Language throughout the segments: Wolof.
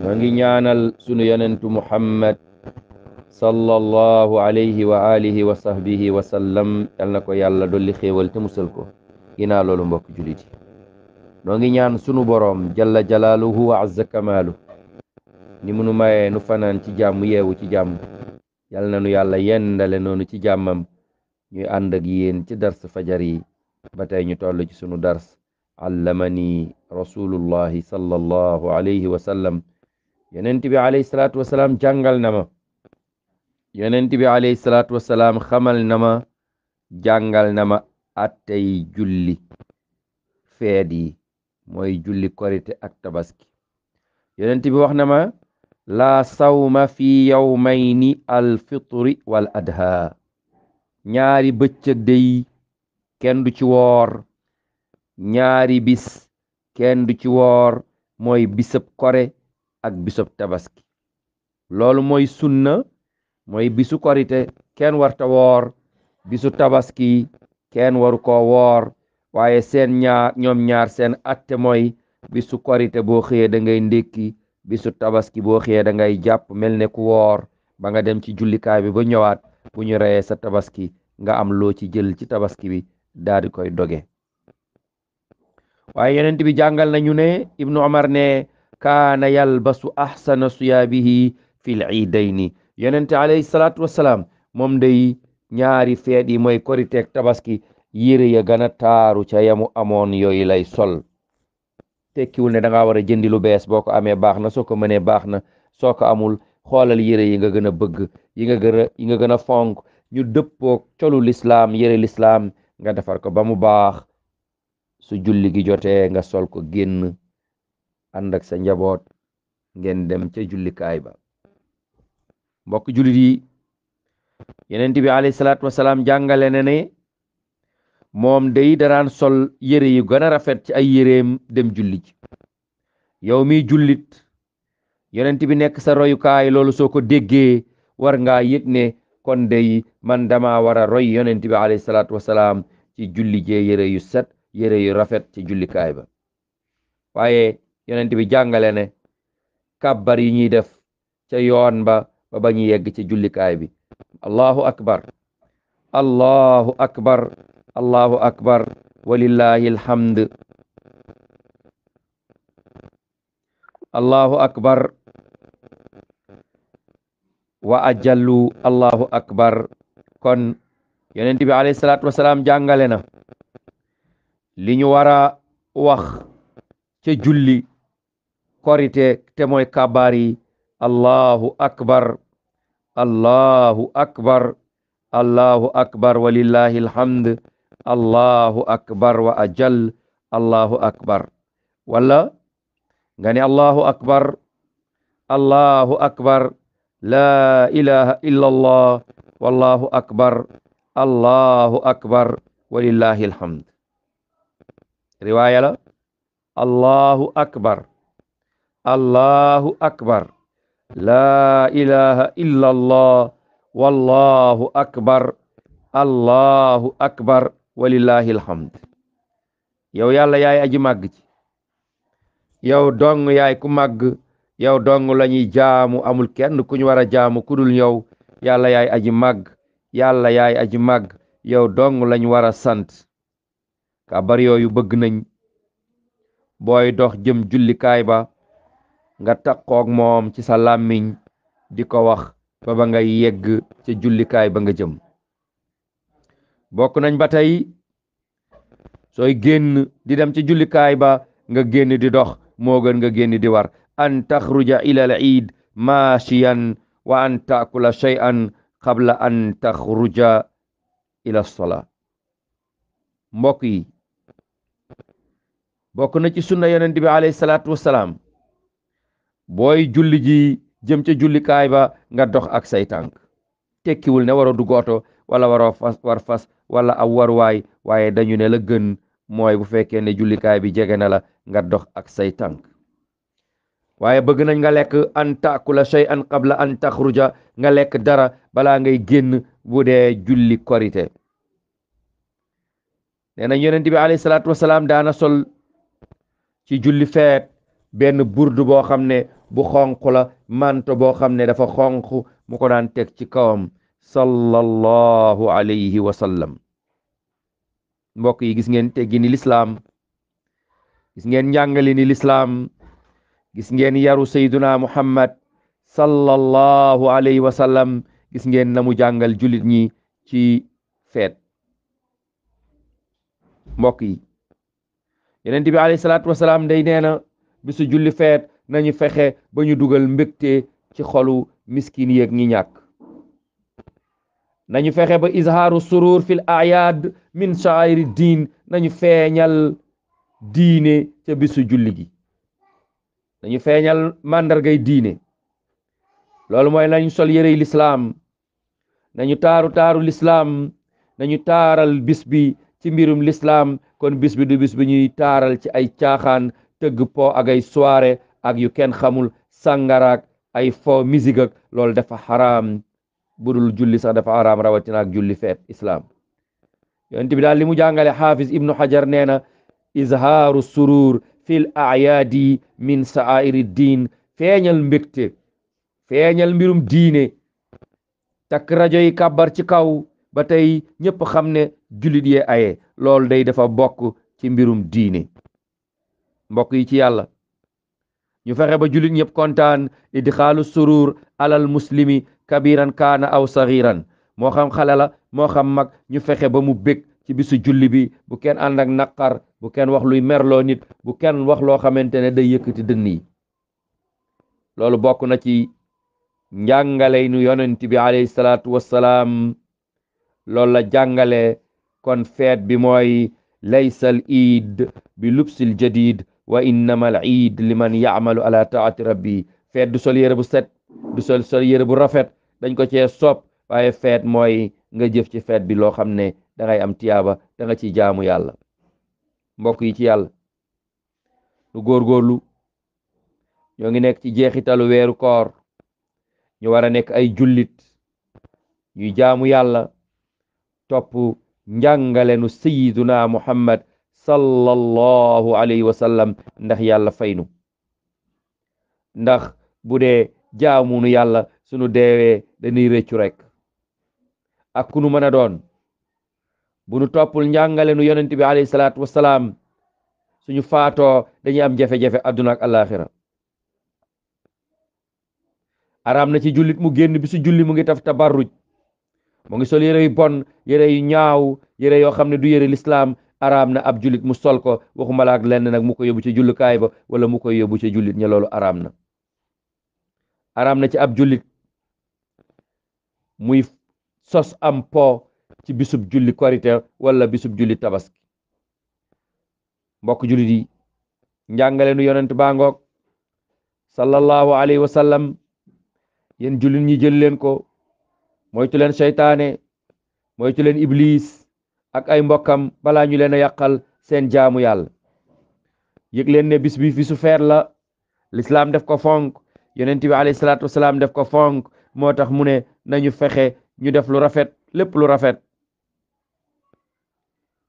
ma ngi ñaanal sunu yenentu muhammad sallallahu alayhi wa alihi wa sahbihi wa sallam ko yàlla dolli xéewal te musal ko ginaa loolu mbokk jullit yi noo ngi ñaan sunu boroom jalla jalaaluhu wa azza kamaalu ni munu mayee nu fanaan ci jàmm yeewu ci jàmm yal na nu yàlla yendale noonu ci jàmmam ñuy ànd ak yéen ci dars fajar yi ba tey ñu toll ci sunu dars allamani rasulullahi sallallahu alayhi wa yonent bi alayhi salaatu salaam jàngal na ma yonent bi alayhi salaatu salaam xamal na ma jàngal na ma attey julli feet yi mooy julli korite ak tabaski yonent bi wax na ma laa sawma fi yawmayni al fitri wal adha ñaari bëccëg dey kenn du ci woor ñaari bis kenn du ci woor moy bisëb kore ak bisub tabaski loolu mooy sunna mooy bisu korite kenn warta woor bisu tabaski kenn waru ko woor waaye seen ñaar ñoom ñaar seen atte mooy bisu korite boo xëyee dangay ngay ndékki bisu tabaski boo xëyee da ngay jàpp mel ne ku woor ba nga dem ci jullikaay bi ba ñëwaat bu ñu reyee sa tabaski nga am loo ci jël ci tabaski bi daal koy doge waaye yonent bi jàngal nañu ne ibnu omar ne kaana yalbasu ahsana siyaabihi fil iidayni yonente alayhi salaatu wasalaam moom day ñaari feet yi mooy koriteek tabaski yére ya gën a taaru ca yamu amoon yooyu lay sol tekkiwul ne da ngaa war a jëndi lu bees boo ko amee baax na soo ko mënee baax na soo ko amul xoolal yére yi nga gën a bëgg yi nga gën a yi nga gën a fonk ñu dëppoo colu lislaam yére lislaam nga defar ko ba mu baax su julli gi jotee nga sol ko génn ànd sa njaboot ngeen dem ca jullikaay ba mbokk jullit yi yenent bi alayhi salaatu wasalaam jàngale na ne moom day daraan sol yére yu gën a rafet ci ay yéreem dem julli ji yow mi jullit yonent bi nekk sa royukaay loolu soo ko déggee war ngaa yëg ne kon day man dama war a roy yonent bi alayhi salaatu ci julli jee yu set yére yu rafet ci jullikaay ba waaye yonent bi jàngale ne kàbbar yi ñuy def ca yoon ba ba ba ñu yegg ci jullikaay bi allahu akbar allahu akbar allahu akbar walillahi allahu akbar wa ajallu allahu akbar kon yonent bi alayhi salaatu wasalaam jàngale na li ñu war wax ca julli korite te mooy kabaar yi allahu akbar allahu akbar allahu akbar walillahi alhamd allahu akbar wa ajal allahu akbar wala nga allahu akbar allahu akbar laa ilaha illa allah wallahu akbar allahu akbar walillahi alhamd riwaaya allahu akbar allahu akbar laa ilaha illa allah akbar allahu akbar walillahi alhamd yow yàlla yaay aji màgg ci yow doŋ yaay ku màgg yow dong la jaamu amul kenn ku ñu war a jaamu ku dul yow yàlla yaay aji màgg yàlla yaay aji màgg yow dong lañ war a sant kabar yooyu bëgg nañ booy dox jëm jullikaay ba nga takkook moom ci sa làmmiñ di ko wax fa ba nga yegg ca jullikaay ba nga jëm bokk nañ ba tey sooy génn di dem ci jullikaay ba nga génn di dox moo gën nga génn di war an taxruja ila al iid maashiyan wa an taakula shay'an qabla an taxruja ila sola mbokk yi bokk na ci sunna yonent bi alayhi salaatu booy julli ji jëm ca jullikaay ba nga dox ak say tekkiwul ne waroo dugg oto wala war fas wala aw warwaay waaye dañu ne la gën mooy bu fekkee ne jullikaay bi jege na la nga dox ak say waaye bëgg nañ nga lekk an taakula shay'an qabla an taxruja nga lekk dara balaa ngay génn bu dee julli korite nen na yonent bi alayhi salaatu wasalaam daana sol ci julli feet benn burdu boo xam ne bu xonq la manto boo xam ne dafa xonq mu ko daan teg ci kawam sallallahu alayhi wa sallam mbokk yi gis ngeen teggi ni lislaam gis ngeen njàngale ni lislaam gis ngeen yaru sayduna muhammad sallallahu alayhi wa sallam gis ngeen na mu jàngal jullit ñi ci feet mbokk yi yeneen bi alayhi salaatu day nee na bisu julli feet nañu fexe ba ñu dugal mbégte ci xolu miskin yeeg ñi ñàkk nañu fexe ba izhaaru surur fil ayaad min shaairi diin nañu feeñal diine ca bisu julli gi nañu feeñal màndargay diine loolu mooy nañu sol yërey lislaam nañu taaru taaru lislaam nañu taaral bis ci mbirum lislaam kon bis bi du bi ñuy taaral ci ay caaxaan tëgg po ak ay ak yu kenn xamul sàngaraak ay fo musique ak loolu dafa xaraam budul julli sax dafa xaraam rawatina ak julli feet islaam yonent bi daal li mu jàngale ibnu xajar nee na izhaaru surur fil ayaadi min sa'airi diin feeñal mbégte feeñal mbirum diine takk rajo yi kàbbar ci kaw ba tey ñëpp xam ne jullit yee aye loolu day dafa bokk ci mbirum diine mbokk yi ci yàlla ñu fexe ba jullit ñëpp kontaan idxaalu surur alal muslimi kabiran kaana aw sariiran moo xam xale la moo xam mag ñu fexe ba mu bég ci bisu julli bi bu kenn ànd ak naqar bu kenn wax luy merloo nit bu kenn wax loo xamante ne day yëkkati dënn yi loolu bokk na ci njàngale nu yonent bi alayhi salaatu wassalaam loolu la jàngale kon feet bi mooy laysal iid bi lubsil jadid wa innama al iid liman amalu ala taati rabbi feet du sol yére bu set du sol sol yére bu rafet dañ ko cee sopp waaye feet mooy nga jëf ci feet bi loo xam ne dangay am tiyaaba da nga ci jaamu yàlla mbokk yi ci yàlla lu góorgóorlu ñoo ngi nekk ci jeexitalu weeru koor ñu war a nekk ay jullit ñuy jaamu yàlla topp njàngalenu sayiduna muhammad sallallahu alayhi wa ndax yàlla faynu ndax bu dee jaamunu yàlla suñu deewee dañuy réccu rek ak ku nu mën a doon bu nu toppul njàngale nu yonent bi alayhi salaatu wasalaam suñu faatoo dañuy am jafe-jafe adduna ak alaxira araam na ci jullit mu génn bi su julli mu ngi taf tabarruj mu ngi sol yére yu bon yére yu ñaaw yére yoo xam ne du yére lislaam araam na ab jullit mu sol ko waxuma la lenn nag mu ko yóbbu ci jullukaay ba wala mu koy yóbbu ci jullit ña araam na araam na ci ab jullit muy sos am po ci bisub julli korite wala bisub julli tabaski mbokk jullit yi njàngale nu yonent baa ngoog sallallahu alayhi wa jullit ñi jël leen ko moytu leen seytaane moytu leen ak ay mbokkam balaa ñu leen a yàqal seen jaamu yàlla yëg leen ne bis bi bisu feer la lislaam def ko fonk yonent bi alayhi salaatu wasalaam def ko fonk moo tax mu ne nañu fexe ñu def lu rafet lépp lu rafet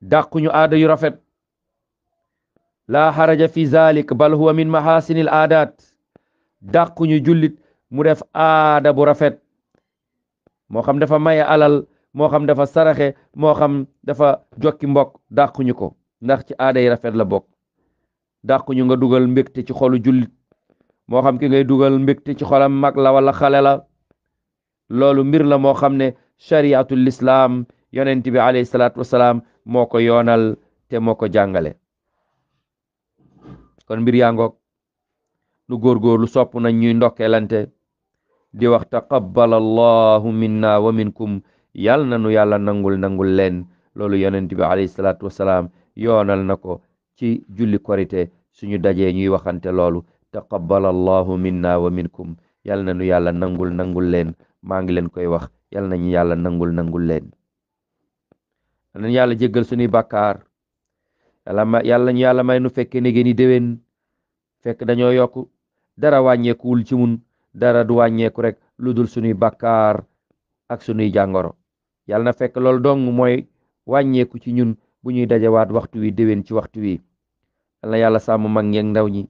dàquñu aada yu rafet laa xaraja fi zalik bal huwa min mahasinil aadaat dàquñu jullit mu def aada bu rafet moo xam dafa maye alal moo xam dafa saraxe moo xam dafa jokki mbokk dàquñu ko ndax ci aada yi rafet la bokk dàquñu nga dugal mbégte ci xolu jullit moo xam ki ngay dugal mbégte ci xolam mag la wala xale la loolu mbir la moo xam ne chariatul islaam yonent bi alayhi salaatu wasalaam moo ko yoonal te moo ko jàngale kon mbir yaa ngoog nu lu sopp nañ ñuy ndokkeelante di wax taqabbal allahu minna wa minkum yàlla na nu yàlla nangul nangul leen loolu yonent bi alayhi salaatu yoonal na ko ci julli korite suñu dajee ñuy waxante loolu taqabbal allahu minna wa minkum yàlla na nu yàlla nangul nangul leen maa ngi leen koy wax yàlla nañu yàlla nangul nangul leen nañ yàlla jéggal suñuy bàkkaar yàlla ñu yàlla may nu fekke ne gën i déwén fekk dañoo yokk dara wàññeekuwul ci mun dara du wàññeeku rek lu dul suñuy bàkkaar ak sunuy jàngoro yàlla na fekk loolu dong mooy wàññeeku ci ñun bu ñuy dajawaat waxtu wi déwén ci waxtu wi yal na yàlla sàmm mag ñeeg ndaw ñi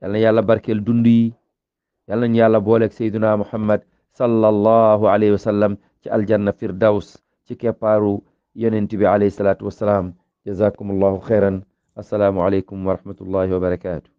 yal na yàlla barkeel dund yi yal nañu yàlla booleeg sayduna muhammad sallallahu alayhi wa sallam ci aljanna firdaws ci keppaaru yonent bi alayhi salaatu wasalaam jazakumullahu xeyran assalaamu aleykum wa rahmatullahi wa barakaatu